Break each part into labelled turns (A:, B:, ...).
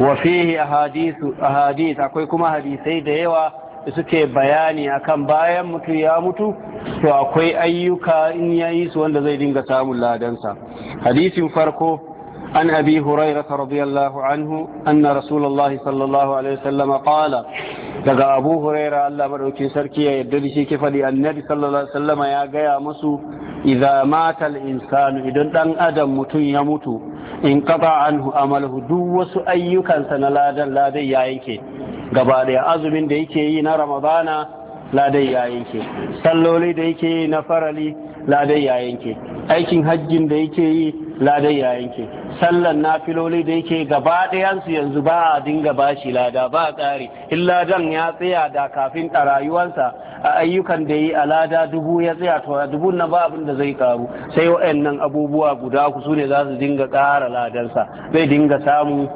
A: wafihi ahadith akwai kuma hadisai da yawa da suke bayani akan bayan mutu ya mutu to akwai ayyuka in yayi su wanda zai dinga samun ladansa hadisin farko an abi huraira radiyallahu anhu anna rasulullahi sallallahu alaihi wasallam qala daga abu huraira Allah madaukin sarki ya yarda shi ke fadi annabi sallallahu alaihi wasallam ya gaya musu idza mata al-insanu idan dan adam mutun ya mutu in kafa an amalhu duk wasu ayyukansa na ladan ladai ya yanke gaba daya azumin da yake yi na ramadana ladai ya yanke salloli da yake yi na farali ladai ya yanke aikin hajjin da yake yi ladan ya yanke sallan filoli da yake gaba ɗayansu yanzu ba a dinga bashi lada ba a ƙare in ladan ya tsaya da kafin a rayuwarsa a ayyukan da yi a lada dubu ya tsaya to a dubu na ba abin da zai karu sai waɗannan abubuwa guda ku su ne za su dinga ƙara ladansa zai dinga samu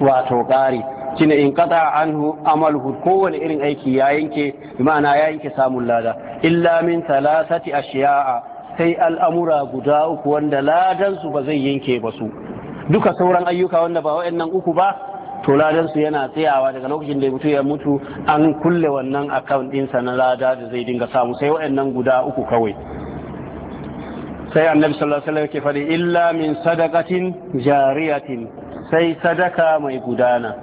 A: wato ƙari cina in qata an amaluhu kowane irin aiki ya yanke bi ma'ana ya yanke samun lada illa min talatati ashiya'a sai al'amura guda uku wanda ladansu ba zai yanke ba su duka sauran ayyuka wanda ba wa'annan uku ba to ladansu yana tsayawa daga lokacin da mutu ya mutu an kulle wannan akawun ɗinsa na lada da zai dinga samu sai wa'annan guda uku kawai sai annabi sallallahu alaihi wasallam ke faɗi illa min sadaqatin jariyatin sai sadaka mai gudana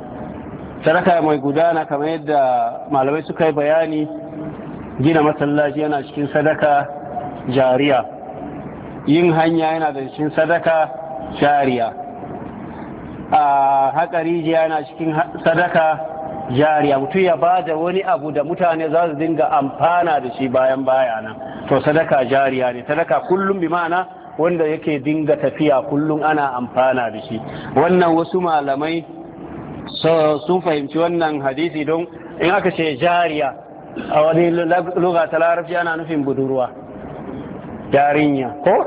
A: sadaka mai gudana kamar yadda malamai suka yi bayani gina masallaci yana cikin sadaka jariya yin hanya yana da cikin sadaka jariya a haka rijiya yana cikin sadaka jariya mutum ya ba da wani abu da mutane za su dinga amfana da shi bayan nan to sadaka jariya ne sadaka kullum bi ma'ana wanda yake dinga tafiya kullum ana amfana da shi wannan wasu malamai sun fahimci wannan hadisi don in aka ce jariya a wani lugata larabci ana nufin budurwa yarinya ko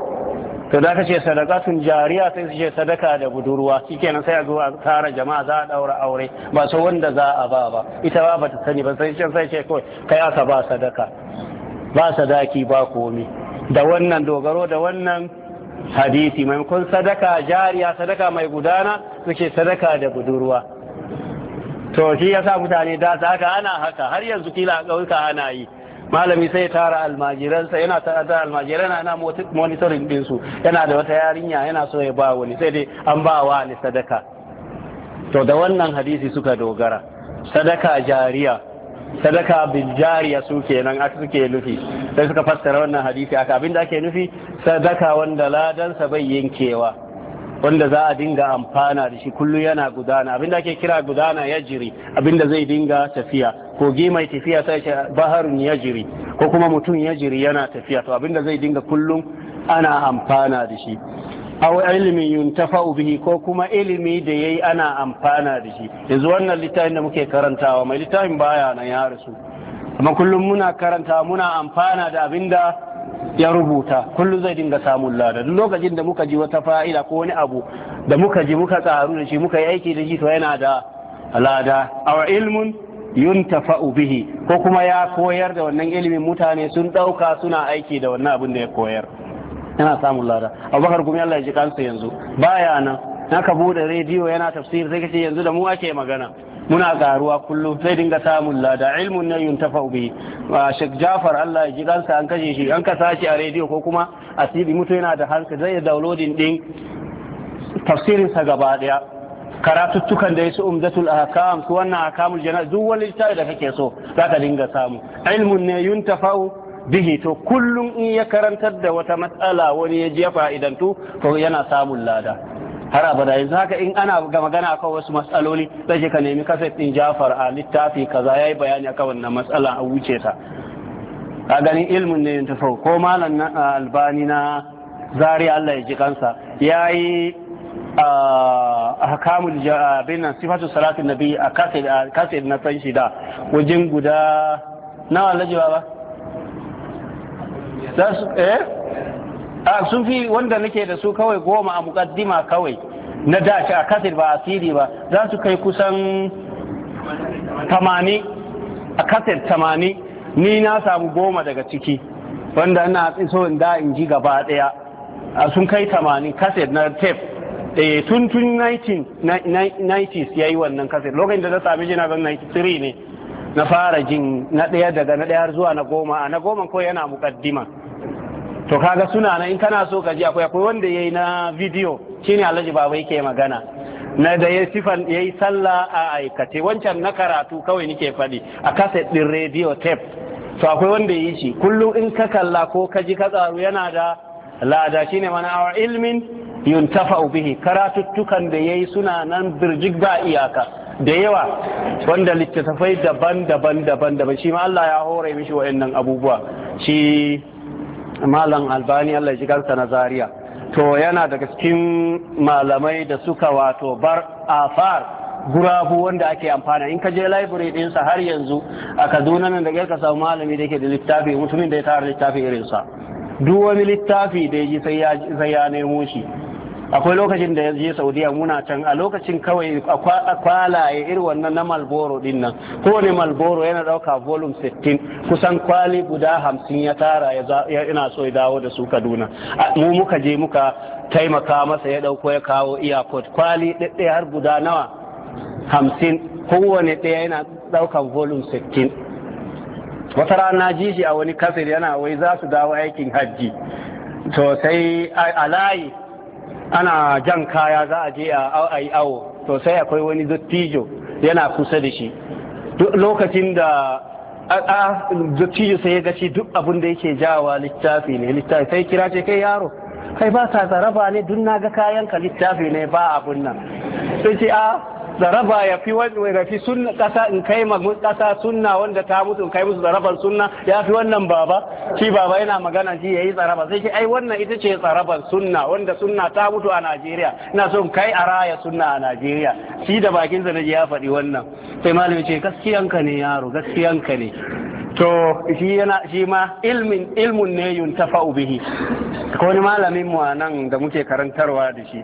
A: to da ka ce sadakatun jariya sai su ce sadaka da budurwa shikenan sai a zo a tara jama'a za a daura aure ba so wanda za a ba ba ita ba bata sani ba sai sai ce kawai kai aka ba sadaka ba sadaki ba komi da wannan dogaro da wannan hadisi maimakon sadaka jariya sadaka mai gudana suke sadaka da budurwa to shi yasa mutane da haka ana haka har yanzu kila a ƙauyuka ana yi malami sai tara almajiransa yana tara almajiran yana monitoring din su yana da wata yarinya yana so ya ba wani sai dai an ba wa ni sadaka to da wannan hadisi suka dogara sadaka jariya sadaka bil jariya su kenan aka suke nufi sai suka fassara wannan hadisi aka abinda ake nufi sadaka wanda ladansa bai yankewa wanda za a dinga amfana da shi kullu yana gudana abinda ake kira gudana ya jiri abinda zai dinga tafiya kogi mai tafiya sai ce baharun ya jiri ko kuma mutum ya jiri yana tafiya to abinda zai dinga kullum ana amfana da shi aw ilmi yuntafa'u bihi ko kuma ilimi da yayi ana amfana da shi yanzu wannan littafin da muke karantawa mai littafin baya nan ya rasu amma kullum muna karanta muna amfana da abinda ya rubuta kullum zai dinga samun lada duk lokacin da muka ji wata fa'ila ko wani abu da muka ji muka tsaru da shi muka yi aiki da shi to yana da lada aw ilmun yuntafa'u bihi ko kuma ya koyar da wannan ilimin mutane sun dauka suna aiki da wannan abin da ya koyar yana samun lada abubakar kuma Allah ya ji kansa yanzu baya nan naka bude rediyo yana tafsir sai kace yanzu da mu ake magana muna karuwa kullum sai dinga samun lada ilmun ne yuntafa a shek Jafar Allah ya ji kansa an kashe shi an kasa shi a rediyo ko kuma a CD mutu yana da hanka zai downloading din tafsirin sa gaba daya karatuttukan da yasu umdatul ahkam su wannan ahkamul jana duk wani littafi da kake so zaka dinga samu ilmun ne yun yuntafa bihi to kullum in ya karantar da wata matsala wani ya je fa'idantu to yana samun lada har abada yanzu haka in ana ga magana akan wasu matsaloli zai ka nemi kaset din Jafar a littafi kaza yayi bayani akan wannan matsala a wuce ta ka ganin ilmin ne ta ko malam na albani na zari Allah ya ji kansa yayi ahkamul bin sifatu salatin nabi a kaset a kaset na san shida wajen guda nawa lajewa ba eh a sun fi wanda nake da su kawai goma a mukaddima kawai na dashi a kasir ba asiri ba za su kai kusan tamani a kasir tamani ni na samu goma daga ciki wanda ina so in da in ji gaba daya a sun kai tamani kasir na tef eh tun tun 1990s yayi wannan kasir lokacin da na sami jina ban 93 ne na fara jin na daya daga na daya zuwa na goma na goma ko yana mukaddima to kaga suna na in kana so ka ji akwai akwai wanda yayi na video shine Alhaji Baba yake magana na da yayi sifan yayi sallah a aikace wancan na karatu kawai nake faɗi a kaset din radio tape to akwai wanda yayi shi kullum in ka kalla ko ka ji ka tsaro yana da lada shine mana awa ilmin yuntafa bihi karatuttukan da yayi suna nan birjik ba iyaka da yawa wanda littattafai daban-daban daban-daban shi ma Allah ya hore mishi wa'annan abubuwa shi malam albani allah ji gansa na zaria to yana daga cikin malamai da suka wato bar afar gurabu wanda ake amfana in ka je library ɗinsa har yanzu a kaduna nan da ka samu malami da yake da littafi mutumin da ya tara littafi irinsa duk wani littafi da ya ji sai ya nemo shi akwai lokacin da ya je saudiya muna can a lokacin kawai a kwalaye irin wannan na malboro din nan kowane malboro yana dauka volum 16 kusan kwali guda hamsin ya tara ya ina so ya dawo da su kaduna mu muka je muka taimaka masa ya dauko ya kawo iyakot kwali ɗaya har guda nawa hamsin kowane ɗaya yana daukan volum 16 wata rana ji a wani kafir yana wai za su dawo aikin hajji to sai a layi ana jan kaya za a je a yi awo to sai akwai wani dattijo yana kusa da shi duk lokacin da a sai ya gashi duk abin da yake jawa littafi ne littafi sai kira ce kai yaro kai ba ta zaraba ne duk na ga kayan ka littafi ne ba abun nan sai ce a ah, zaraba ya fi rafi sunna kasa in kai ma kasa sunna wanda ta mutu in kai musu zarabar sunna ya fi wannan baba shi baba yana magana shi yayi zaraba sai shi ai wannan ita ce zarabar sunna wanda sunna ta mutu a Najeriya ina son kai a raya sunna a Najeriya shi da bakin sa ya faɗi wannan sai malami ce gaskiyanka ne yaro gaskiyanka ne to shi yana shi ma ilmin ilmun ne yuntafa'u bihi ko ni malamin mu nan da muke karantarwa da shi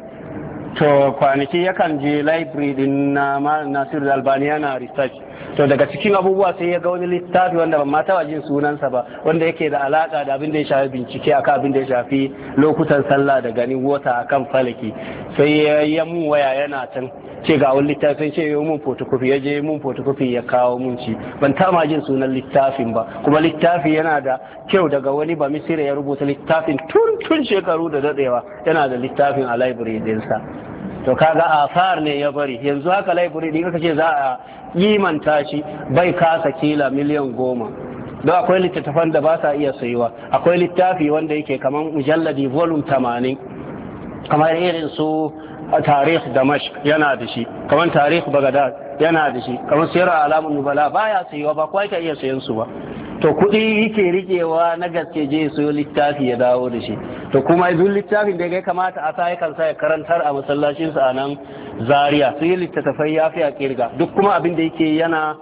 A: to kwanaki yakan je library din na nasiru albani yana research to daga cikin abubuwa sai ya ga wani littafi wanda ban mata jin sunansa ba wanda yake da alaka da abin da ya shafi bincike akan abin da ya shafi lokutan sallah da ganin wata akan falaki sai ya mun waya yana can ce ga wani littafin ce ya mun fotokofi ya je mun fotokofi ya kawo mun ci ban taba jin sunan littafin ba kuma littafi yana da kyau daga wani ba misira ya rubuta littafin tun tun shekaru da dadewa yana da littafin a library sa to kaga asar ne ya bari yanzu haka laifuri din kace za a kimanta shi bai kasa kila miliyan goma don akwai littattafan da ba sa iya sayuwa akwai littafi wanda yake kamar mujalladi volume 80 kamar irin su a tarih damashq yana da shi kamar tarih bagadad yana da shi kamar sirra alamun nubala baya sayuwa ba kwa ka iya sayan su ba to kuɗi yake rikewa na gaske je su yi littafi ya dawo da shi to kuma duk littafin da ya kamata a sa kan sa ya karantar a masallacin a nan zaria su yi littattafai ya fi a kirga duk kuma abin da yake yana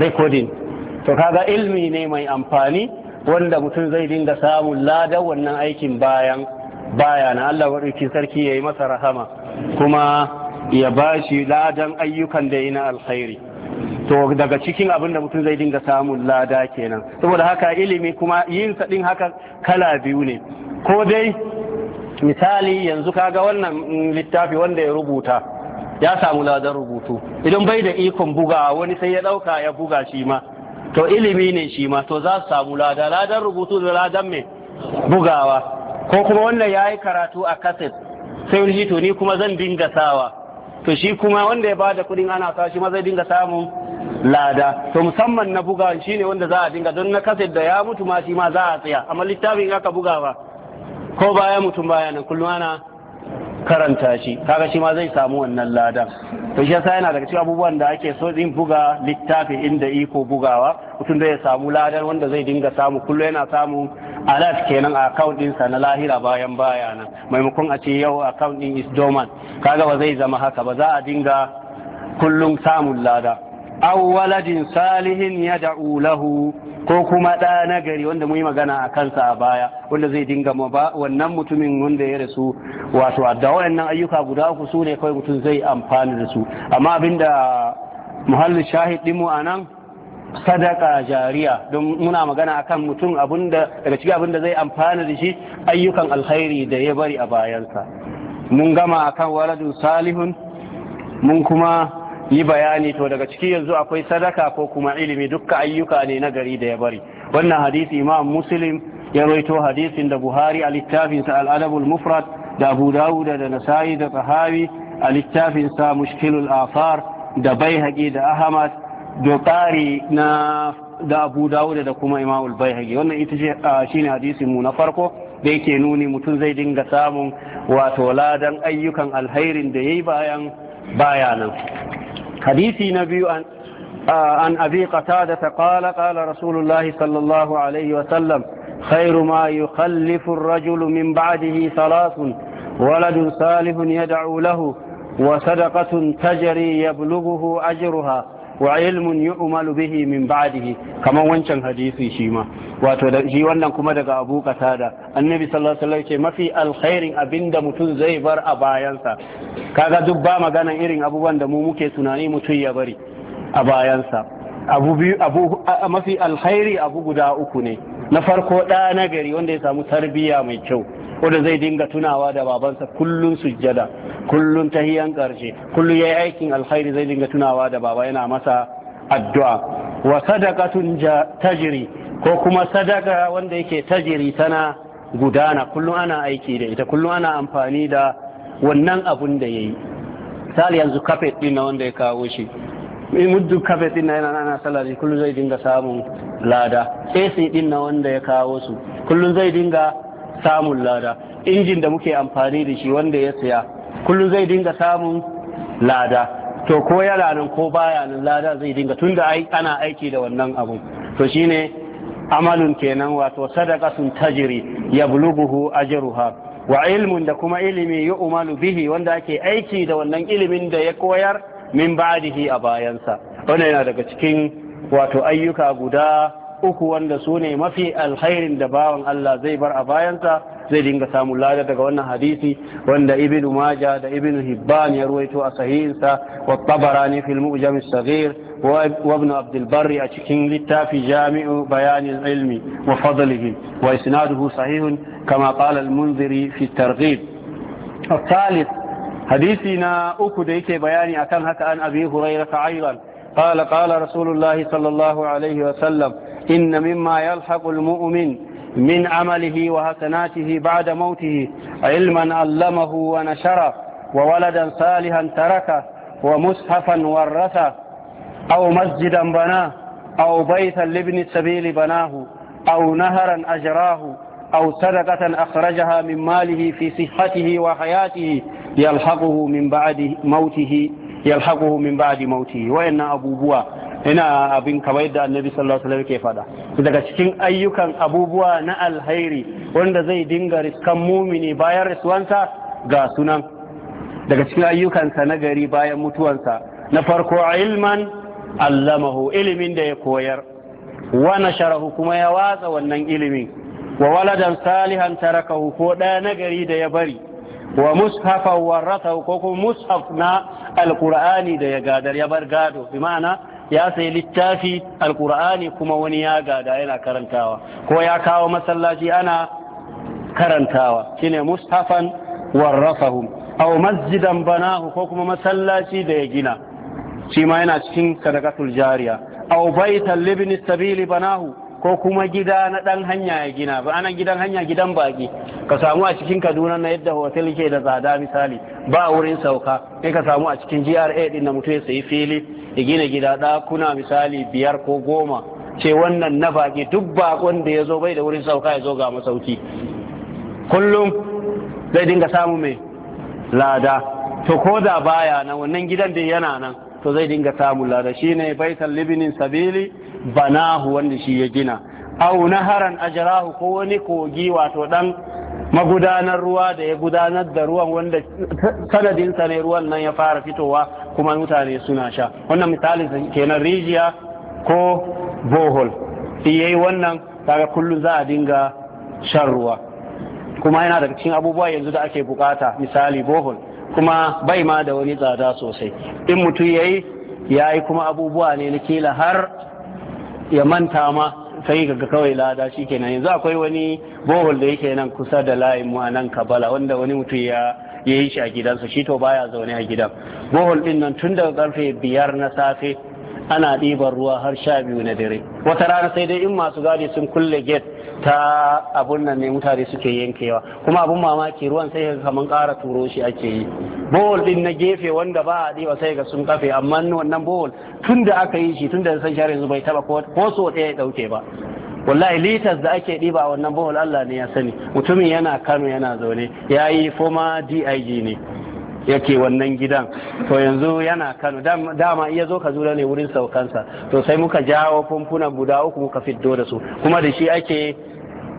A: recording to kaga ilmi ne mai amfani wanda mutum zai dinga samun ladan wannan aikin bayan baya na Allah waɗauki sarki ya yi masa rahama kuma ya bashi ladan ayyukan da yi na alkhairi to daga cikin abin da mutum zai dinga samun lada kenan saboda haka ilimi kuma yin ɗin haka kala biyu ne ko dai misali yanzu kaga wannan littafi wanda ya rubuta ya samu ladan rubutu idan bai da ikon buga wani sai ya dauka ya buga shi ma to ilimi ne shi ma to za su samu lada ladan rubutu da ladan mai bugawa ko kuma wanda ya yi karatu a kaset sai wani to ni kuma zan dinga sawa to shi kuma wanda ya bada kudin ana sa shi maza dinga samun lada to musamman na buga shi ne wanda za a dinga don na kaset da ya mutu ma shi ma za a tsaya amma littafin aka buga ba ko baya mutum baya nan kullum ana karanta shi kaga shi ma zai samu wannan ladan to shi yasa yana daga cikin abubuwan da ake so din buga littafi inda iko bugawa mutum zai samu ladan wanda zai dinga samu kullu yana samu alat kenan a account sa na lahira bayan baya nan maimakon a ce yau account ɗin is dormant kaga ba zai zama haka ba za a dinga kullum samun lada aw waladin salihin yad'u lahu ko kuma da na gari wanda muyi magana a kansa a baya wanda zai dinga ba wannan mutumin wanda ya rasu wato da wayannan ayyuka guda uku sune ne kawai mutum zai amfani da su amma abinda muhallin shahid ɗinmu a nan sadaka jariya don muna magana akan mutum abinda daga cikin abinda zai amfana da shi ayyukan alkhairi da ya bari a bayansa mun gama akan waladin salihun mun kuma yi bayani to daga ciki yanzu akwai sadaka ko kuma ilimi dukka ayyuka ne na gari da ya bari wannan hadisi imam muslim ya roito hadisin da buhari a littafinsa al'adabul mufrad da abu dawuda da nasa'i da tsahawi a littafinsa mushkilul afar da baihaqi da ahmad da ƙari na da abu dawuda da kuma imamul baihaqi wannan ita ce shine hadisin mu na farko da yake nuni mutum zai dinga samun wato ladan ayyukan alhairin da yayi bayan baya nan حديثي نبي أن آه، عن أبي قتادة قال قال رسول الله صلى الله عليه وسلم خير ما يخلف الرجل من بعده ثلاث ولد صالح يدعو له وصدقة تجري يبلغه أجرها wa ilmun yu'malu bihi min ba'dihi kaman wancan hadisi shi ma wato da shi wannan kuma daga Abu Qatada annabi sallallahu alaihi wasallam ce mafi alkhairin abinda mutum zai bar a bayansa kaga duk ba magana irin abubuwan da mu muke tunani mutum ya bari a bayansa abu abu mafi alkhairi abu guda uku ne na farko ɗa na gari wanda ya samu tarbiyya mai kyau wanda zai dinga tunawa da babansa kullum sujjada kullum tahiyan ƙarshe kullum ya yi aikin alkhairi zai dinga tunawa da baba yana masa addu'a wa sadaqatun tajiri ko kuma sadaka wanda yake tajiri tana gudana kullum ana aiki da ita kullum ana amfani da wannan abun da yayi misali yanzu kafet din na wanda ya kawo shi muddin kafe din yana ana salari kullum zai dinga samun lada ac din na wanda ya kawo su kullum zai dinga samun lada injin da muke amfani da shi wanda ya siya kullum zai dinga samun lada to ko yana nan ko baya nan lada zai dinga tunda ana aiki da wannan abu to shine amalun kenan wato sadaka sun sadaqatun tajri a ajruha wa ilmun da kuma ilimi ya umalu bihi wanda ake aiki da wannan ilimin da ya koyar min ba'dihi a bayansa wannan yana daga cikin wato ayyuka guda uku wanda su ne mafi alkhairin da bawan Allah zai bar a bayansa zai dinga samun lada daga wannan hadisi wanda ibn maja da ibn hibban ya ruwaito a sahihinsa wa tabarani fil mu'jam as-saghir wa ibn abd al-barr a cikin littafi jami'u bayan ilmi wa fadlihi wa isnaduhu sahihun kama qala al-munziri fi at-targhib الثالث hadisi na uku da yake bayani akan haka an abi hurairah aidan قال قال رسول الله صلى الله عليه وسلم إن مما يلحق المؤمن من عمله وحسناته بعد موته علما علمه ونشره وولدا صالحا تركه ومصحفا ورثه أو مسجدا بناه أو بيتا لابن السبيل بناه أو نهرا أجراه أو صدقة أخرجها من ماله في صحته وحياته يلحقه من بعد موته يلحقه من بعد موته وإن أبو بوا ina abin kamar annabi sallallahu alaihi wasallam ke fada daga cikin ayyukan abubuwa na alhairi wanda zai dinga kan mumini bayan rasuwansa ga sunan daga cikin ayyukansa na gari bayan mutuwansa na farko ilman allamahu ilimin da ya koyar wa nasharahu kuma ya watsa wannan ilimin wa waladan salihan tarakahu ko ɗaya gari da ya bari wa mushafa warratahu ko kuma mushaf na alkur'ani da ya gadar ya bar gado bi ma'ana ya sai littafi alkur'ani kuma wani ya gada yana karantawa ko ya kawo masallaci ana karantawa shine mushafan warrasahum aw masjidan banahu ko kuma masallaci da ya gina shi ma yana cikin sadaqatul jariya aw baitan libni sabili banahu ko kuma gida na ɗan hanya ya gina ba anan gidan hanya gidan baki ka samu a cikin kaduna na yadda hotel ke da tsada misali ba wurin sauka sai ka samu a cikin gra ɗin na mutum ya sayi fili ya gina gida ɗakuna misali biyar ko goma ce wannan na baki duk baƙon da ya zo bai da wurin sauka ya zo ga masauki kullum zai dinga samu mai lada to ko da baya na wannan gidan da yana nan to zai dinga samun lada shi ne baitan libinin sabili banahu wanda shi ya gina au naharan ajarahu ko wani kogi wato dan magudanar ruwa da ya gudanar da ruwan wanda sanadinsa ne ruwan nan ya fara fitowa kuma mutane suna sha wannan misali kenan rijiya ko bohol yayi wannan kaga kullum za a dinga shan ruwa kuma yana daga cikin abubuwa yanzu da ake bukata misali bohol kuma bai ma da wani tsada sosai in mutum ya yi ya yi kuma abubuwa ne na kila har ya manta ma sai ga kawai lada shi kenan yanzu akwai wani bohol da yake nan kusa da layin mu a nan kabala wanda wani mutum ya yi shi a gidansa shi to baya zaune a gidan bohol din nan tun daga karfe biyar na safe ana ɗiban ruwa har sha biyu na dare wata rana sai dai in masu gadi sun kulle gate ta abun nan ne mutane suke yankewa kuma abun mamaki ruwan sai ga kaman ƙara turo shi ake yi bowl din na gefe wanda ba a diwa sai ga sun kafe amma wannan bowl tun da aka yi shi tun da san share yanzu bai taba ko so ɗaya ya ɗauke ba wallahi litas da ake ɗiba a wannan bowl Allah ne ya sani mutumin yana Kano yana zaune yayi yi foma DIG ne yake wannan gidan to yanzu yana kano dama iya zo ka zura ne wurin saukansa to sai muka jawo fumfuna guda uku muka fito da su kuma da shi ake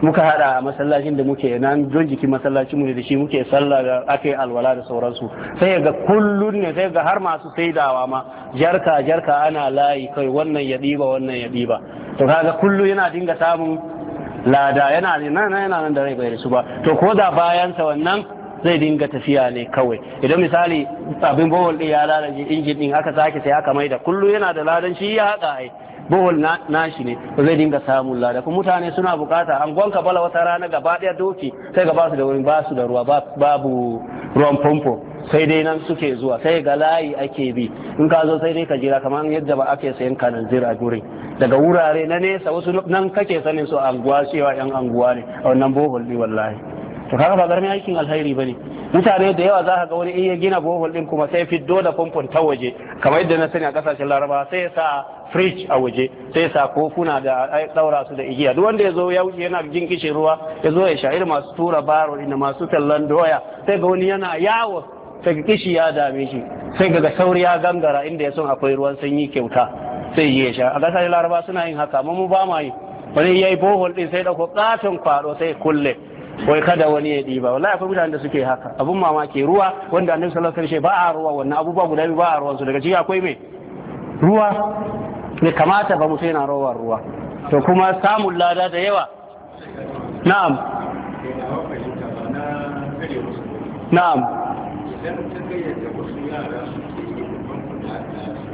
A: muka hada a masallacin da muke nan don jikin masallacin mu da shi muke sallah da ake alwala da sauransu sai ga kullun ne sai ga har masu saidawa ma jarka jarka ana layi kai wannan ya diba wannan ya diba to kaga kullu yana dinga samun lada yana nan yana nan da rai bai su ba to ko da bayan sa wannan zai dinga tafiya ne kawai idan misali abin bohol ɗin ya lalace injin ɗin aka sake sai aka maida kullu yana da ladan shi ya haɗa ai bohol shi ne ba zai dinga samun lada kuma mutane suna bukata an gwanka bala wata rana gaba daya doki sai ga basu da wurin basu da ruwa babu ruwan pompo sai dai nan suke zuwa sai ga layi ake bi in ka zo sai dai ka jira kamar yadda ba ake sayan kanan a gurin daga wurare na nesa wasu nan kake sanin su anguwa cewa yan anguwa ne a wannan bohol ne wallahi to kaga ba garmi aikin alheri bane mutane da yawa za ga wani in ya gina bohol din kuma sai fiddo da famfon ta waje kamar yadda na sani a kasashen laraba sai ya sa fridge a waje sai ya sa kofuna da daura su da igiya duk wanda ya zo ya wuce yana jin kishin ruwa ya zo ya sha irin masu tura baro da masu tallan doya sai ga wani yana yawo sai ga kishi ya dame shi sai ga sauri ya gangara inda ya son akwai ruwan sanyi kyauta sai ya sha a kasashen laraba suna yin haka amma mu ba ma yi wani yayi bohol din sai dauko katon kwado sai kulle wai kada wani ya ɗiba wallahi akwai mutanen da suke haka abun mamaki ruwa wanda annabi sallallahu alaihi wasallam ba a ruwa wannan abubuwa guda biyu ba a ruwan su daga ciki akwai me ruwa ne kamata ba sai na rawar ruwa to kuma samun lada da yawa na'am na'am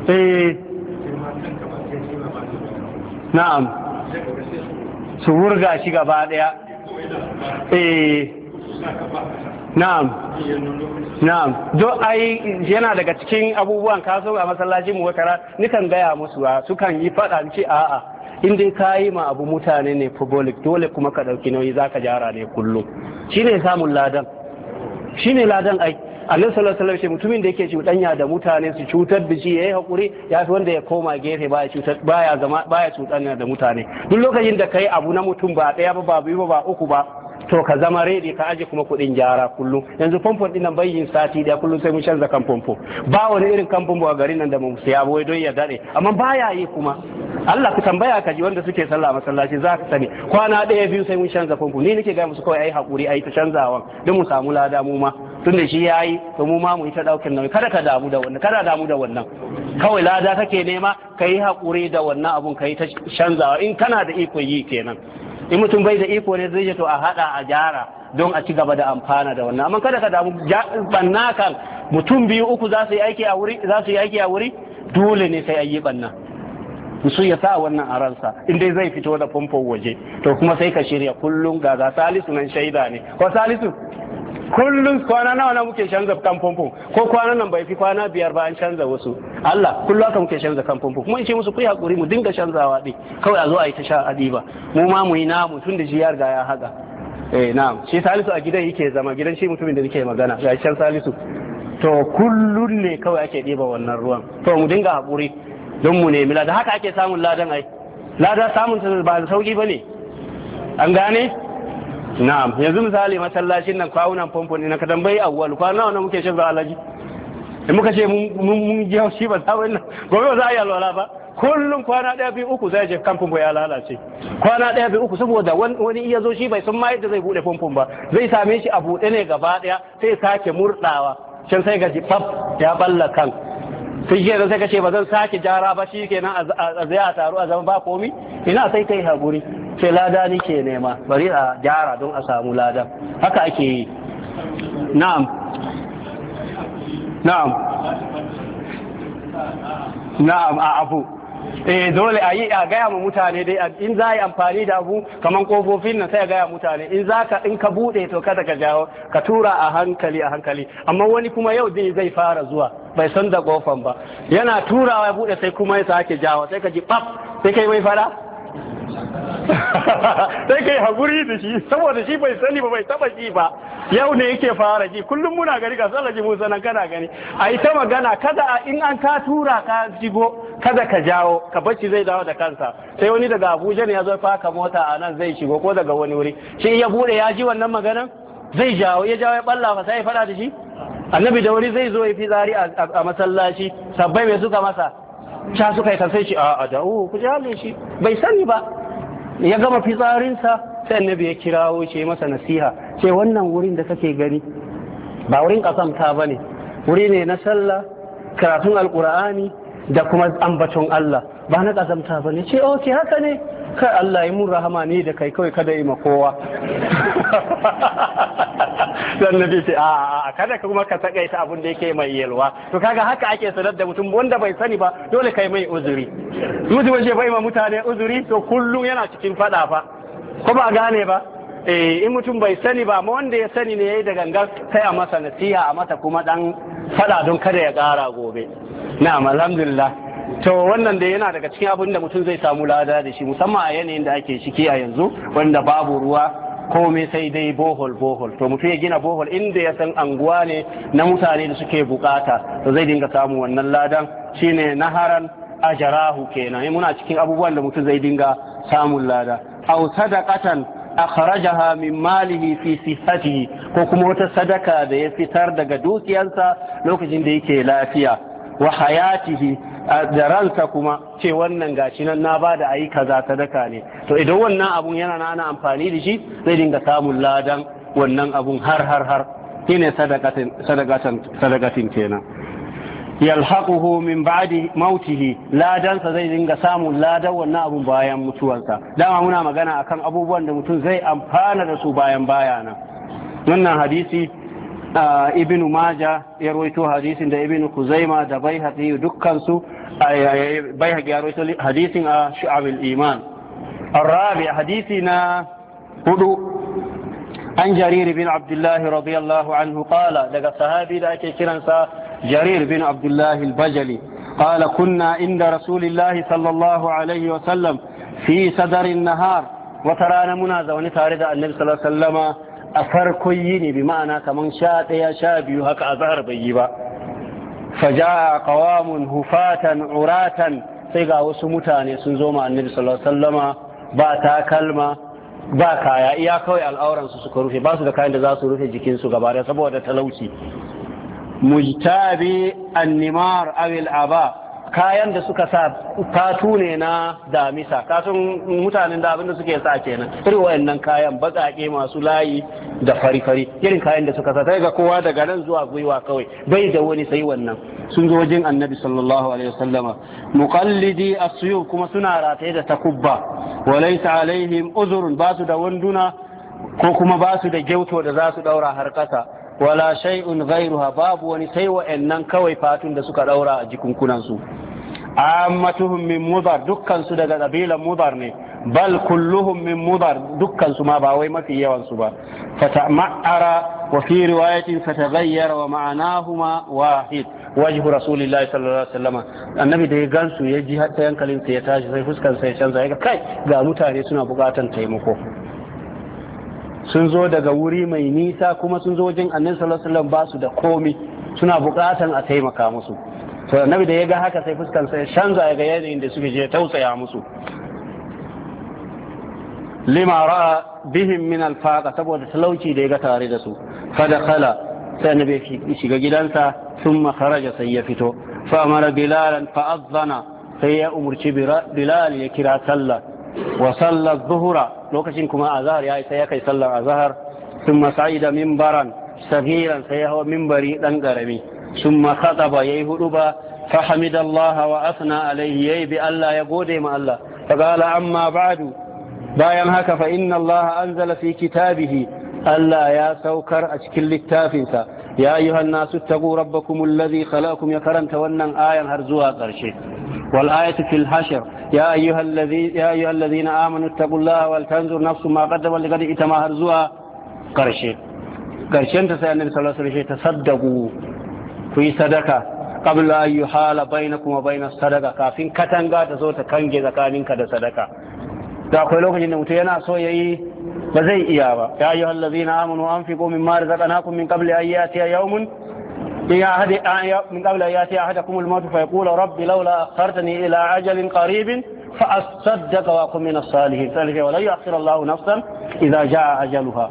A: eh na'am su wurga shi gaba daya eh na'am na'am do ai yana daga cikin abubuwan kaso a masallacin mu wakara nikan gaya musu sukan yi fada ce a'a in dai ka yi ma abu mutane ne public dole kuma ka ɗauki nauyi zaka ka jara ne kullum shi ne samun ladan shi ladan ai annabi sallallahu alaihi mutumin da yake cuɗanya da mutane su cutar da shi yayi hakuri ya fi wanda ya koma gefe baya cutar baya zama da mutane duk lokacin da ka yi abu na mutum ba ɗaya ba ba biyu ba uku ba to ka zama redi ka aje kuma kuɗin gyara kullum yanzu famfon din nan bayyin sati da kullum sai mun canza kan famfon. ba wani irin kan famfo a garin nan da mu siya boye don ya dade amma baya yi kuma Allah ku tambaya ka ji wanda suke sallah masallaci za ka sani kwana ɗaya biyu sai mun canza famfon. ni nake ga musu kawai ai hakuri ai ta canzawa don mu samu lada mu ma tun da shi ya yi to mu ma mu yi ta ɗaukar nauyi kada ka damu da wannan kada damu da wannan kawai lada kake nema ka yi haƙuri da wannan abun ka yi ta canzawa in kana da iko yi kenan in mutum bai da iko ne zai je to a haɗa a gyara don a ci gaba da amfana da wannan amma kada ka damu banna kan mutum biyu uku za su yi aiki a wuri za su yi aiki a wuri dole ne sai ayi banna su ya sa wannan a ransa in dai zai fito da famfon waje to kuma sai ka shirya kullum ga ga salisu nan shaida ne ko salisu kullum kwana nawa na muke canza kan famfo ko kwana nan bai fi kwana biyar ba an canza wasu Allah kullum haka muke canza kan famfo kuma in ce musu kuyi hakuri mu dinga canzawa din kawai a zo a yi ta sha ba mu ma mu yi namu tun da shi ya riga ya haga eh na'am shi Salisu a gidan yake zama gidan shi mutumin da nake magana ga can Salisu to kullun ne kawai ake ɗiba wannan ruwan to mu dinga hakuri don mu nemi lada haka ake samun ladan ai lada samun ta ba sauki bane an gane na'am yanzu misali masallacin nan kwawunan famfo ne na ka tambayi awwal kwana nawa muke shan zuwa alaji in muka ce mun ji haushi ba sabon nan gobe ba za a yi alwala ba kullum kwana daya biyu uku zai je kan famfo ya lalace kwana daya biyu uku saboda wani iya zo shi bai san ma yadda zai bude famfon ba zai same shi a buɗe ne gaba ɗaya sai sake murɗawa can sai gaji fab ya balla kan sai ke sai ka ce ba zan sake jara ba shi ke kenan a zai a taru a zama ba komi ina sai kai haƙuri sai lada ni ke nema bari a jara don a samu lada haka ake yi na'am na'am na'am a abu eh dole a yi a gaya ma mutane dai in za a yi amfani da abu kamar kofofin nan sai a gaya mutane in za ka in ka bude to kada ka jawo ka tura a hankali a hankali amma wani kuma yau din zai fara zuwa bai san da kofan ba yana turawa ya bude sai kuma ya sake jawo sai ka ji pap sai kai mai fara sai kai haguri da shi saboda shi bai sani ba bai taba ji ba yau ne yake fara ji kullum muna gari ga sallaji musa nan kana gani a yi ta magana kada a in an ka tura ka jigo kada ka jawo ka bacci zai dawo da kansa sai wani daga abuja ne ya zo faka mota a nan zai shigo ko daga wani wuri shi ya bude ya ji wannan maganan zai jawo ya jawo ya balla fa sai ya fada da shi annabi da wuri zai zo ya fi tsari a masallaci sabbai mai suka masa ca suka yi kan sai shi a da'u ku ji halin shi bai sani ba ya gama fitsarinsa sai annabi ya kirawo ce masa nasiha ce wannan wurin da kake gani ba wurin kasamta ba ne wuri ne na sallah karatun alkur'ani da kuma ambaton Allah ba na kasamta ba ne ce ok oh, haka ne kai Allah yi mun rahama ne da kai kawai kada yi ma kowa dan nabi ce a kada kuma ka takaita abin da yake mai yalwa to kaga haka ake sanar da mutum wanda bai sani ba dole kai mai uzuri mutum ce bai ma mutane uzuri to kullum yana cikin fada fa ko ba gane ba eh in mutum bai sani ba amma wanda ya sani ne yayi da gangan sai a masa nasiha a mata kuma dan fada don kada ya kara gobe na'am alhamdulillah to wannan da yana daga cikin abin da mutum zai samu lada da shi musamman a yanayin da ake ciki a yanzu wanda babu ruwa komai sai dai bohol bohol to mutum ya gina bohol inda ya san anguwa ne na mutane da suke bukata to zai dinga samu wannan ladan shine haran ajarahu kenan muna cikin abubuwan da mutum zai dinga samun lada aw sadaqatan akhrajaha min malihi fi sihhatihi ko kuma wata sadaka da ya fitar daga dukiyarsa lokacin da yake lafiya wa hayatihi da ransa kuma ce wannan gashi nan na ba da ayi kaza sadaka ne to idan wannan abun yana na ana amfani da shi zai dinga samun ladan wannan abun har har har shine sadakatin sadakatin kenan yalhaquhu min ba'di mautihi ladansa zai dinga samun ladan wannan abun bayan mutuwarsa dama muna magana akan abubuwan da mutum zai amfana da su bayan bayana wannan hadisi ibn maja ya rawaito hadisin da ibn kuzaima da baihaqi dukkan su baihaqi ya rawaito hadisin a shu'abul iman الرابع حديثنا هدو عن جرير بن عبد الله رضي الله عنه قال لقى صحابي لأكي كرنسا جرير بن عبد الله البجلي قال كنا عند رسول الله صلى الله عليه وسلم في صدر النهار وترانا منازع ونتارد النبي صلى الله عليه وسلم a farkon yini bi ma'ana kamar sha ɗaya sha biyu haka a zahar bai yi ba faja ƙawamun hufatan uratan sai ga wasu mutane sun zo ma'an annabi sallallahu ba takalma ba kaya iya kawai al'auran su suka rufe ba su da kayan da za su rufe jikinsu su gaba saboda talauci mujtabi tabi awil aba kayan da suka sa fatu ne na damisa kasan mutanen da abinda suke sa kenan irin wayannan kayan bazaƙe masu layi da fari-fari irin kayan da suka sa sai ga kowa daga nan zuwa gwiwa kawai bai da wani sai wannan sun zo wajen annabi sallallahu alaihi wasallama muqallidi as kuma suna rataye da takubba walaysa alaihim uzrun ba su da wanduna ko kuma ba su da gyauto da za su daura har kasa wala shay'un ghairuha babu wani sai wa'annan kawai fatun da suka daura a jikunkunan su ammatuhum min mudar dukkan su daga kabilan mudar ne bal kulluhum min mudar dukkan su ma ba wai mafi yawan su ba fatama'ara wa fi riwayatin fataghayyara wa ma'anahuma wahid wajhu rasulillahi sallallahu alaihi wasallam annabi da ya gansu ya ji yankalin sa ya tashi sai fuskarsa sa ya canza ya ga kai ga mutane suna bukatan taimako sun zo daga wuri mai nisa kuma sun zo wajen annin sallallahu ba su da komi suna bukatan a taimaka musu to annabi da ya ga haka sai fuskan sai canza ya ga yanayin da suka je tausaya musu lima ra'a bihim min alfaqa saboda talauci da ya ga tare da su fa dakhala sai annabi shiga gidansa thumma kharaja sai ya fito fa amara bilalan fa sai ya umurci bilal ya kira sallah wa sallar zuhura lokacin kuma zahar ya isa ya kai sallar azhar thumma sa'ida minbaran sagiran sai ya hawa minbari dan garami ba ya yayi hudu ba fa allah wa asna alayhi yayi bi Allah ya gode ma Allah fa qala amma ba'du bayan haka fa inna Allah anzala fi kitabihi Allah ya saukar a cikin littafinsa ya ayyuhan nasu tagu rabbakum alladhi khalaqakum ya karanta wannan ayan har zuwa ƙarshe wal ayatu fil hashr ya ayyuhal ladhi ya ayyuhal ladhina amanu taqullaha wal tanzur nafsu ma qaddamat li ghadin ita ma har zuwa ƙarshe ƙarshen ta sai annabi sallallahu alaihi wasallam ta saddaku ku yi sadaka qabla an yuhala bainakum wa bainas sadaka kafin katanga ta zo ta kange tsakaninka da sadaka da akwai lokacin da mutum yana so yayi فزي إيابا يا أيها الذين آمنوا أنفقوا مما رزقناكم من قبل أن يأتي يوم من قبل أن يأتي أحدكم الموت فيقول رب لولا أخرتني إلى عجل قريب فأصدق وأكون من الصالحين ثالثة ولن يأخر الله نفسا إذا جاء أجلها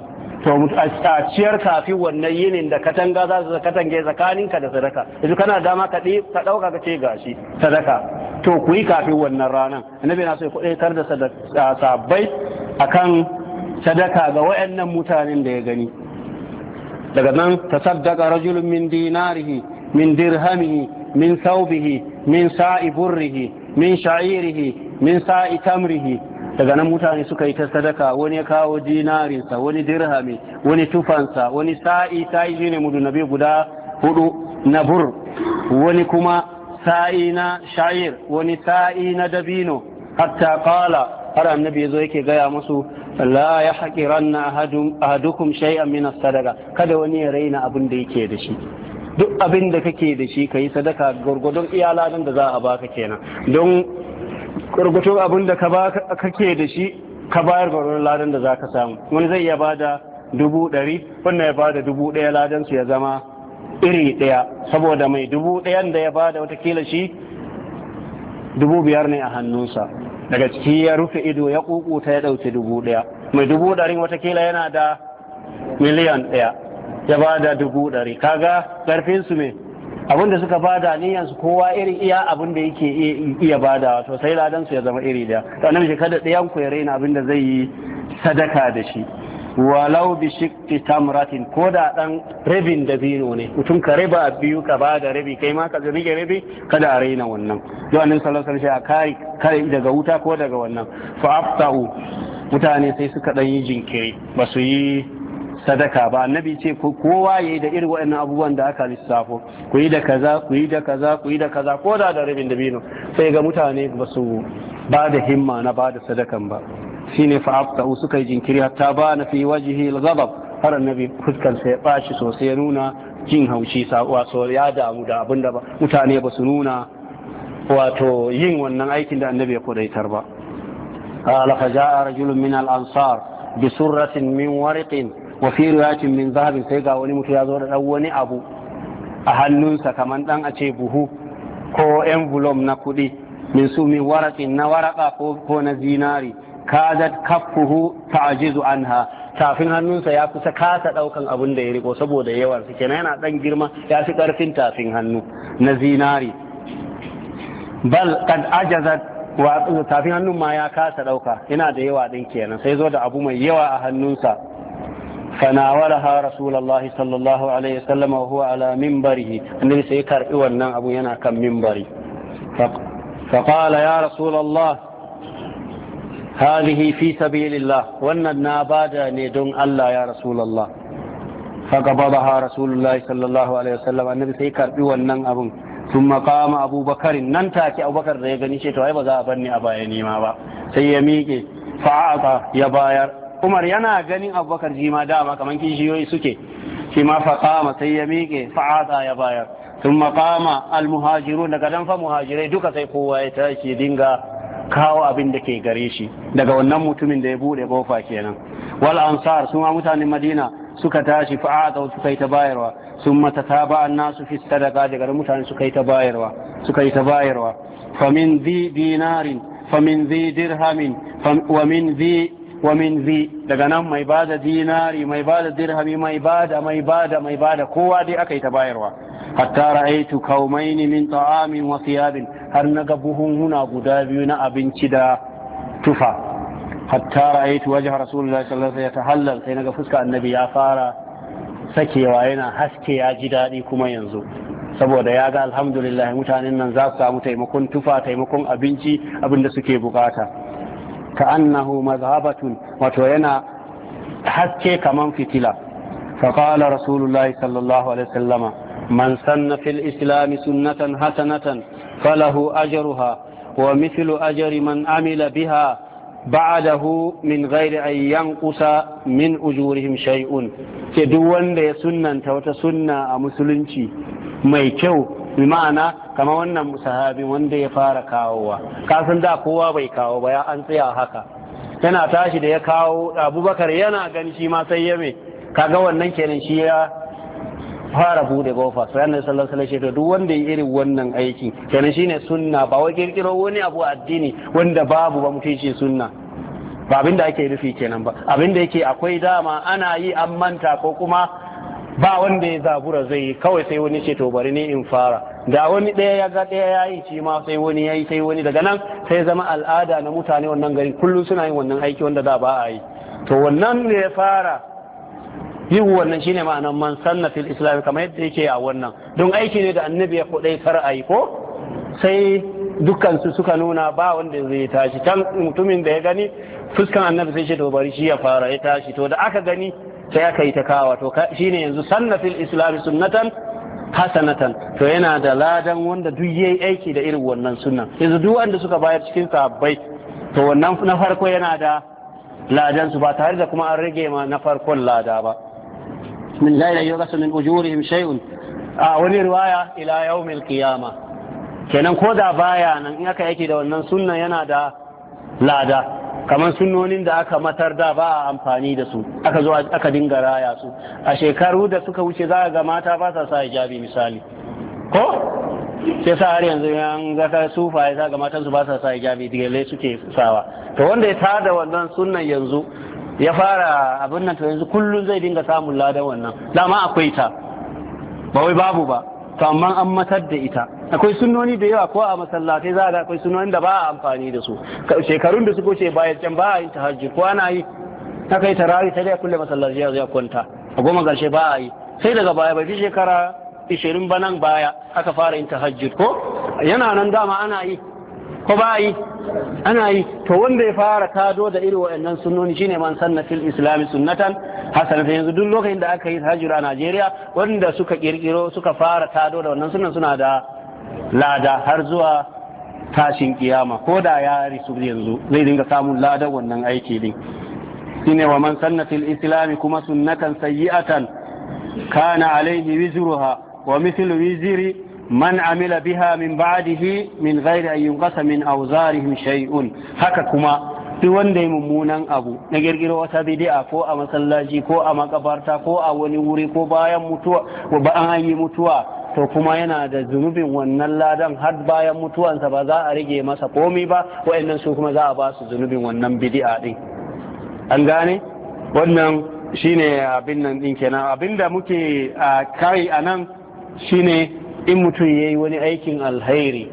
A: أتشير كافي والنيين إن دكتن غزا زكتن غزا كانين كده صدقا إذا كان داما كتير تدوك كتير غاشي صدقا تو كوي كافي والنرانا النبي ناسي إيه كرد صدق سابيت أكان sadaka ga wayannan mutanen da ya gani daga nan ta rajulun min dinarihi min dirhamihi min saubihi min sa'i burrihi min sha'irihi min sa'i tamrihi daga nan mutane suka yi ta sadaka wani ya kawo dinarinsa wani dirhami wani tufansa wani sa'i sa'i shine mudu nabi guda hudu na bur wani kuma sa'i na sha'ir wani sa'i na dabino hatta kala har annabi yazo yake gaya musu la ya haƙiran na ahadukum shay'an min sadaka kada wani ya raina abin da yake da shi duk abin da kake da shi ka yi sadaka gwargwadon iyalan da za a baka kenan don gwargwadon abin da kake da shi ka bayar gwargwadon ladan da za ka samu wani zai iya bada dubu ɗari wannan ya bada dubu ɗaya ladan su ya zama iri ɗaya saboda mai dubu ɗayan da ya bada watakila shi dubu biyar ne a hannunsa daga ciki ya rufe ido ya kukuta ya ɗauki dubu ɗaya mai dubu ɗarin watakila yana da miliyan daya ya ba da dubu ɗari kaga ƙarfinsu me abin suka ba da niyansu kowa irin iya abin yake iya da to sai ladansu ya zama iri daya to annabi kada ɗayan ku ya raina abin zai yi sadaka da shi walau bi shiqqi tamratin ko da dan rabin da bino ne mutum ka riba biyu ka ba da rabi kai ma ka rike rabi kada a raina wannan don annabi sallallahu alaihi wasallam kare kai daga wuta ko daga wannan fa aftau mutane sai suka dan yi jinkiri ba su yi sadaka ba annabi ce kowa yayi da irin waɗannan abubuwan da aka lissafo ku yi da kaza ku yi da kaza ku yi da kaza ko da da rabin da bino sai ga mutane ba su ba da himma na ba da sadakan ba shine fa'abta suka yi jinkiri hatta ba na fi wajihi al-ghadab har annabi fuskan sai bashi sosai ya nuna jin haushi sa'uwa so ya damu da abinda ba mutane ba su nuna wato yin wannan aikin da annabi ya kodaitar ba ala fa rajulun min al-ansar bi surratin min warqin wa fi min zahabin sai ga wani mutu ya zo da dan wani abu a hannunsa kamar dan a ce buhu ko envelope na kudi min su min warqin na waraka ko na zinari kadat kaffuhu ta'jizu anha tafin hannunsa ya kusa kasa daukan abin da ya riko saboda yawan su kenan yana dan girma ya fi karfin tafin hannu na zinari bal kad ajazat wa tafin hannun ma ya kasa dauka yana da yawa din kenan sai zo da abu mai yawa a hannunsa fanawalaha rasulullahi sallallahu alaihi wasallam wa huwa ala minbarihi annabi sai karbi wannan abu yana kan minbari faqala ya rasulullah هذه في wannan الله وان نابادا ني دون الله يا رسول الله فقبضها رسول الله صلى الله عليه وسلم ان سي كاربي wannan abun ثم قام ابو بكر نان تاكي ابو da ya gani ce to ba baza a banni a baya nima ba sai ya miƙe fa'ata ya bayar Umar yana ganin Abu Bakar da ma dama kaman kin shiyoyi suke shi ma fa qama sai ya miƙe fa'ata ya bayar ثم قام المهاجرون daga dan fa muhajirai duka sai kowa ya tashi dinga kawo abin da ke gare shi daga wannan mutumin da ya bude kofa kenan wal ansar su ma mutanen madina suka tashi fa'ata suka yi ta bayarwa sun mata ta ba nasu fi sadaka daga mutane suka yi ta bayarwa suka yi ta bayarwa famin zi dinarin famin zi dirhamin wa min zi wa min zi daga nan mai bada dinari mai bada dirhami mai bada mai bada mai bada kowa dai aka yi ta bayarwa hatta ra'aitu kaumaini min ta'amin wa siyabin har na ga buhunhuna guda biyu na abinci da tufa hatta ra'aytu wajha rasulullahi sallallahu alaihi wasallam sai naga fuska annabi ya fara sakewa yana haske ya ji daɗi kuma yanzu saboda ya ga alhamdulillah mutanen nan za su samu taimakon tufa taimakon abinci abinda suke bukata ka annahu mazhabatun wato yana haske kaman fitila fa qala rasulullahi sallallahu alaihi عليه man sanna fil islam sunnatan hasanatan Ajaruha wa Ajari man فله أجرها ومثل أجر من عمل بها بعده من غير أن ينقص من أجورهم شيء كدوان دي سنة وتسنة مسلنشي ميكو ma'ana kamar wannan sahabi wanda ya fara kawowa kasan da kowa bai kawo ba ya an tsaya haka yana tashi da ya kawo abubakar yana gani shi ma sai ya Ka ga wannan kenan shi ya fara bude kofa sai annabi sallallahu alaihi wasallam duk wanda ya irin wannan aiki kenan shine sunna ba wai kirkiro wani abu addini wanda babu ba mutum shi sunna ba abin da ake nufi kenan ba abin da yake akwai dama ana yi an manta ko kuma ba wanda ya zabura zai yi kawai sai wani ce to bari ne in fara da wani ɗaya ya ga ɗaya ya yi shi ma sai wani ya yi sai wani daga nan sai zama al'ada na mutane wannan gari kullum suna yin wannan aiki wanda da ba a yi to wannan ne ya fara yin wannan shine ma'anar man sanna fil islam kamar yadda yake a wannan don aiki ne da annabi ya kudai kar ko sai dukkan su suka nuna ba wanda zai tashi can mutumin da ya gani fuskan annabi sai shi to bari shi ya fara ya tashi to da aka gani sai aka yi ta kawa to shine yanzu sanna fil islam sunnatan hasanatan to yana da ladan wanda duk yayi aiki da irin wannan sunnan yanzu duk wanda suka bayar cikin sahabbai to wannan na farko yana da ladan su ba tare da kuma an rage ma na farkon lada ba من لا يغس من أجورهم شيء a wani riwaya ila yaumil kenan ko da baya nan in aka yake da wannan sunnan yana da lada kamar sunnonin da aka matar da ba a amfani da su aka zo aka dinga raya su a shekaru da suka wuce za ga mata ba sa sa hijabi misali ko sai sa har yanzu yan ga ka sufa ya ga matansu ba sa sa hijabi dole suke sawa to wanda ya tada wannan sunnan yanzu ya fara abin nan to yanzu kullum zai dinga samun ladan wannan dama akwai ta ba wai babu ba to amma an matar da ita akwai sunnoni da yawa ko a masallatai za ga akwai sunnoni da ba a amfani da su shekarun da suka ce bayan can ba a yin tahajjud ko ana yi ta kai tarawi ta dai kulle masallaci ya zuwa kwanta a goma garshe ba a yi sai daga baya bai shekara 20 banan baya aka fara yin tahajjud ko yana nan dama ana yi ko ba yi ana yi to wanda ya fara kado da irin wayannan sunnoni shine man sanna fil islam sunnatan hasanatan yanzu duk lokacin da aka yi hajjura a Najeriya wanda suka kirkiro suka fara kado da wannan sunnan suna da lada har zuwa tashin kiyama ko da ya risu yanzu zai dinga samun lada wannan aiki din shine wa man sanna fil islam kuma sunnatan sayyi'atan kana alaihi wizruha wa mithlu wiziri. man amila biha min ba'dihi min ghairi an yunqasa min awzarihim shay'un haka kuma duk wanda ya mummunan abu na girgiro wata bid'a ko a masallaci ko a makabarta ko a wani wuri ko bayan mutuwa ko ba an yi mutuwa to kuma yana da zunubin wannan ladan har bayan mutuwansa ba za a rage masa komi ba wa'annan su kuma za a ba su zunubin wannan bid'a din an gane wannan shine abin nan din kenan abin da muke kai a nan shine in mutum ya yi wani aikin alhairi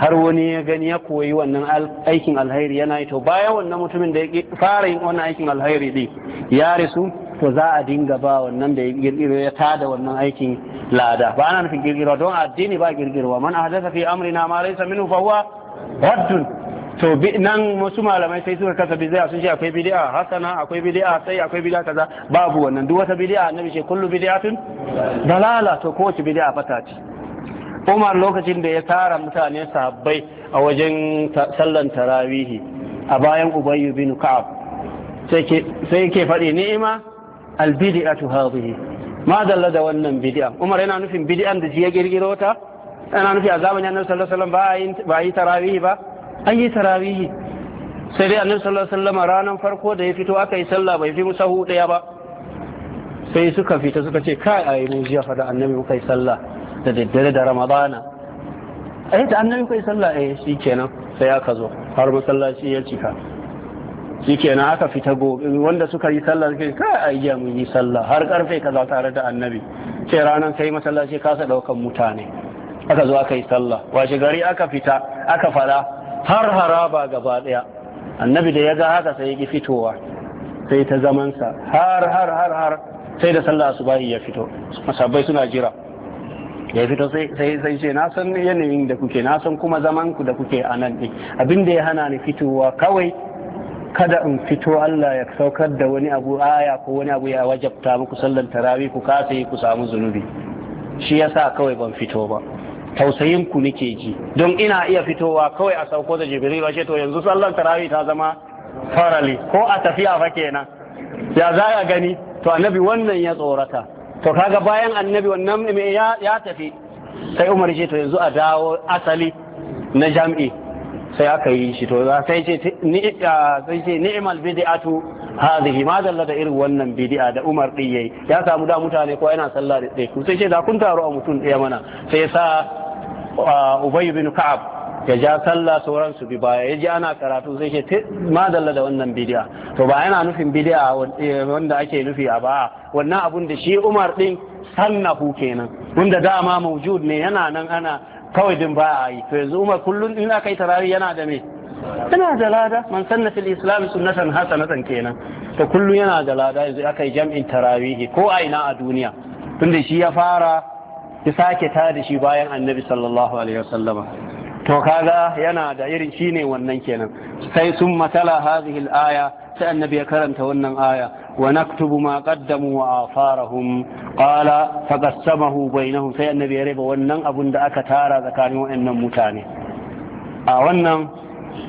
A: har wani ya gani ya koyi wannan aikin alhairi yana yi to bayan wannan mutumin da ya fara yin wannan aikin alhairi din ya risu to za a dinga ba wannan da ya girgiro ya tada wannan aikin lada ba ana nufin girgiro don addini ba girgirwa man ahdatha fi amrina ma laysa minhu fa huwa raddun to bi nan wasu malamai sai suka kasa bi sun ce akwai bid'a hasana akwai bid'a sai akwai bid'a kaza babu wannan duk wata bid'a annabi ce kullu bid'atun dalala to kowace bid'a fata ce umar lokacin da ya tara mutane sahabbai a wajen sallan tarawihi a bayan ubayyu bin ka'ab sai yake faɗi ni'ima albidi'atu hadhihi ma dalla da wannan bid'a umar yana nufin bid'an da ya girgiro ta yana nufi a zamanin annabi sallallahu alaihi wasallam ba yi tarawihi ba an yi tarawihi sai dai annabi sallallahu alaihi wasallam ranar farko da ya fito aka yi sallah bai fi musahu daya ba sai suka fita suka ce kai ayi mu jiya fa da annabi muka yi sallah da daddare da ramadana a yi ta annabi kai sallah eh shi kenan sai aka zo har masallaci ya cika shi kenan aka fita gobe wanda suka yi sallah suke kai a yi mun yi sallah har karfe kaza tare da annabi ce ranar sai masallaci kasa daukan mutane aka zo aka yi sallah washe gari aka fita aka fada har haraba gaba daya annabi da ya ga haka sai ya ki fitowa sai ta zamansa har har har har sai da sallah bayi ya fito masabbai suna jira ya fito sai sai ce na san yanayin da kuke na san kuma zaman ku da kuke a nan din abin da ya hana ni fitowa kawai kada in fito Allah ya saukar da wani abu aya ko wani abu ya wajabta muku sallan tarawih ku kasa yi ku samu zunubi shi yasa kawai ban fito ba tausayin ku nake ji don ina iya fitowa kawai a sauko da jibril ce to yanzu sallan tarawih ta zama farali ko a tafiya fa kenan ya za gani to annabi wannan ya tsorata to kaga bayan annabi wannan ya tafi sai umar ce to yanzu a dawo asali na jam'i sai aka yi shi to sai ce sai ce ni'mal bid'atu hadhihi ma dalla da irin wannan bid'a da Umar din yayi ya samu da mutane ko yana sallah da sai ku sai ce da kun taro a mutum ɗaya mana sai ya sa Ubay bin Ka'ab ya ja sallah sauran su bi baya ya ji ana karatu zai ce madalla da wannan bidiya to ba yana nufin bidiya eh, wanda ake nufi a ba wannan abun da shi Umar din sannahu kenan wanda dama maujud ne yana nan ana kawai din ba a yi to yanzu Umar kullun in aka yi tarawih yana da me yana da lada man sanna fil islam sunnatan hasanatan kenan to kullun yana da lada yanzu aka yi jam'in tarawih ko a ina a duniya tunda shi ya fara ya sake tada shi bayan annabi sallallahu alaihi wasallama to kaga yana da irin shine wannan kenan sai sun matala hadhihi al-aya sai annabi ya karanta wannan aya wa naktubu ma qaddamu wa afarahum qala faqassamahu bainahum sai annabi ya raba wannan abun da aka tara tsakanin wayannan mutane a wannan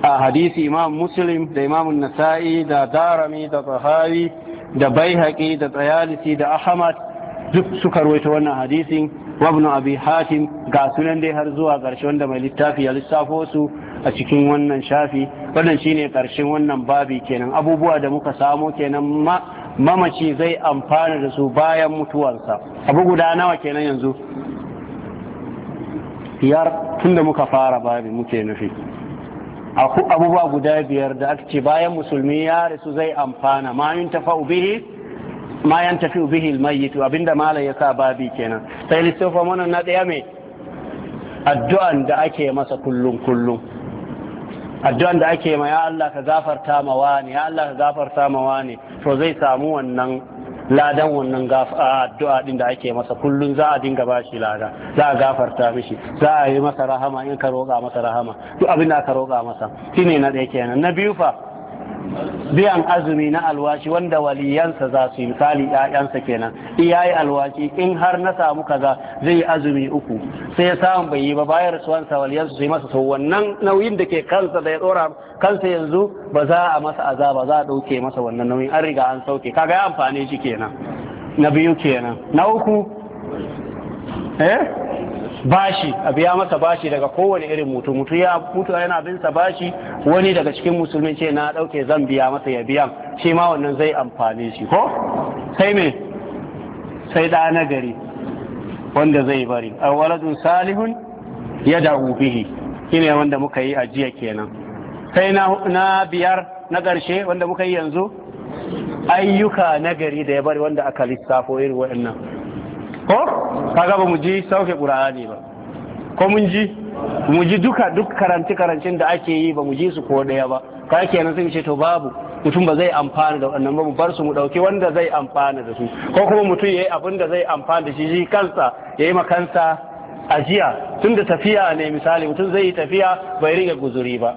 A: a hadisi imam muslim da imam nasa'i da darami da tahawi da baihaqi da tsayalisi da ahmad duk suka ruwaita wannan hadisin Wabin abi hatim ga sunan dai har zuwa ƙarshe wanda mai littafi ya lissafo su a cikin wannan shafi wannan shine ƙarshen wannan babi kenan abubuwa da muka samo kenan mamaci zai amfana da su bayan mutuwarsa abu guda nawa kenan yanzu biyar tunda muka fara babi muke nufi abubuwa guda biyar da aka ce bayan musulmi ya rasu zai amfana ma tafa'u bihi ma yan tafi bihi almayyit abinda mala ya sa babi kenan sai lissofa mana na daya mai addu'an da ake masa kullum kullum addu'an da ake ma ya Allah ka gafarta ma wani ya Allah ka gafarta ma wani to zai samu wannan ladan wannan addu'a din da ake masa kullum za a dinga bashi lada za a gafarta mishi za a yi masa rahama in ka roƙa masa rahama duk abin da ka roƙa masa shine na ɗaya kenan na biyu fa biyan azumi na alwashi wanda waliyansa za su yi misali ƴaƴansa kenan iyaye alwashi in har na samu kaza zai yi azumi uku sai ya samu bai yi ba bayan wansa waliyansa su yi masa sau wannan nauyin da ke kansa da ya tsora kansa yanzu ba za a masa azaba za a ɗauke masa wannan nauyin an riga an sauke kaga ya amfane shi kenan na biyu kenan na uku eh bashi a biya masa bashi daga kowane irin mutu mutu ya mutu yana bin sa bashi wani daga cikin musulmi ce na dauke zan biya masa ya biya shi ma wannan zai amfane shi ko sai me sai da na wanda zai bari a waladun salihun ya da'u bihi shine wanda muka yi ajiya kenan sai na biyar na garshe wanda muka yi yanzu ayyuka nagari da ya bari wanda aka lissafo irin waɗannan ko kaga ba mu ji sauke ƙura'ani ba ko mun ji mu ji duka duk karanci karancin da ake yi ba mu ji su ko daya ba ka kenan sai ce to babu mutum ba zai amfana da wannan ba mu bar su mu dauki wanda zai amfana da su ko kuma mutum yayi abin da zai amfana da shi shi kansa yayi ma kansa ajiya tun da tafiya ne misali mutum zai yi tafiya bai rike guzuri ba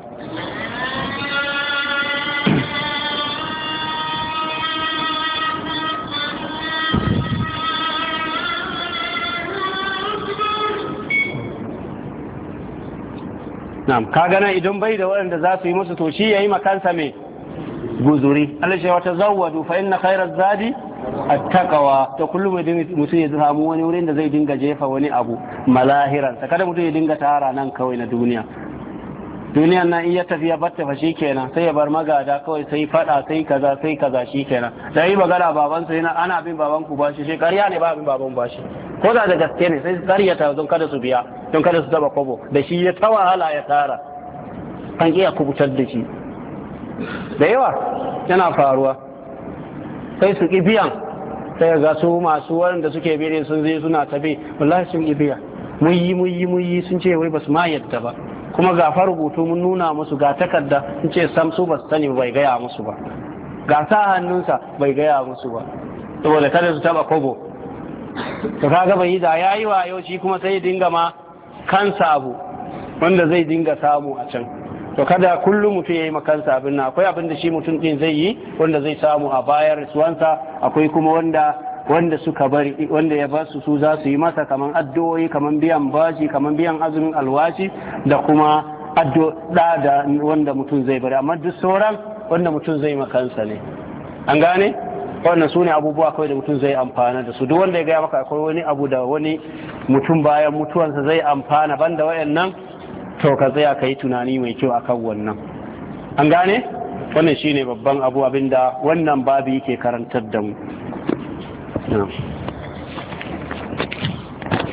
A: na'am kaga nan idan bai da waɗanda za su yi musu to shi yayi makansa mai guzuri Allah shi wata zawwadu fa inna khairaz zadi attaqwa ta kullum mutum ya samu wani wurin da zai dinga jefa wani abu malahiran kada mutum ya dinga tara nan kawai na duniya duniyan nan in ya tafi ya batta fa shikenan sai ya bar magada kawai sai fada sai kaza sai kaza shikenan da yi magana baban sai na ana bin baban ku bashi shi ƙarya ne ba bin baban bashi ko da da gaske ne sai ƙarya ta don kada su biya don kada su taba kobo da shi ya ta wahala ya tara an iya kubutar da shi da yawa yana faruwa sai su ki biyan sai ga su masu wanda suke bi sun zai suna tabe wallahi sun ki biya mun yi mun yi mun yi sun ce wai basu ma yadda ba kuma ga rubutu mun nuna musu ga takarda sun ce sam su ba su sani bai gaya musu ba ga sa hannunsa bai gaya musu ba saboda kada su taba kobo to kaga bai da yayi wa yau shi kuma sai dinga ma kansa abu wanda zai dinga samu a can to kada kullum mutum ya yi makansa abin na akwai abin da shi mutum din zai yi wanda zai samu a bayar suwansa akwai kuma wanda wanda suka bari wanda ya basu su za su yi masa kaman addu'o'i kaman biyan bashi kaman biyan azumin alwashi da kuma addu'a da wanda mutum zai bari amma duk sauran wanda mutum zai makansa ne an gane wannan su ne abubuwa kawai da mutum zai amfana da su duk wanda ya gaya maka akwai wani abu da wani mutum bayan mutuwansa zai amfana banda wayannan to ka tsaya ka yi tunani mai kyau akan wannan an gane wannan shine babban abu abinda wannan babu yake karantar da mu Yeah.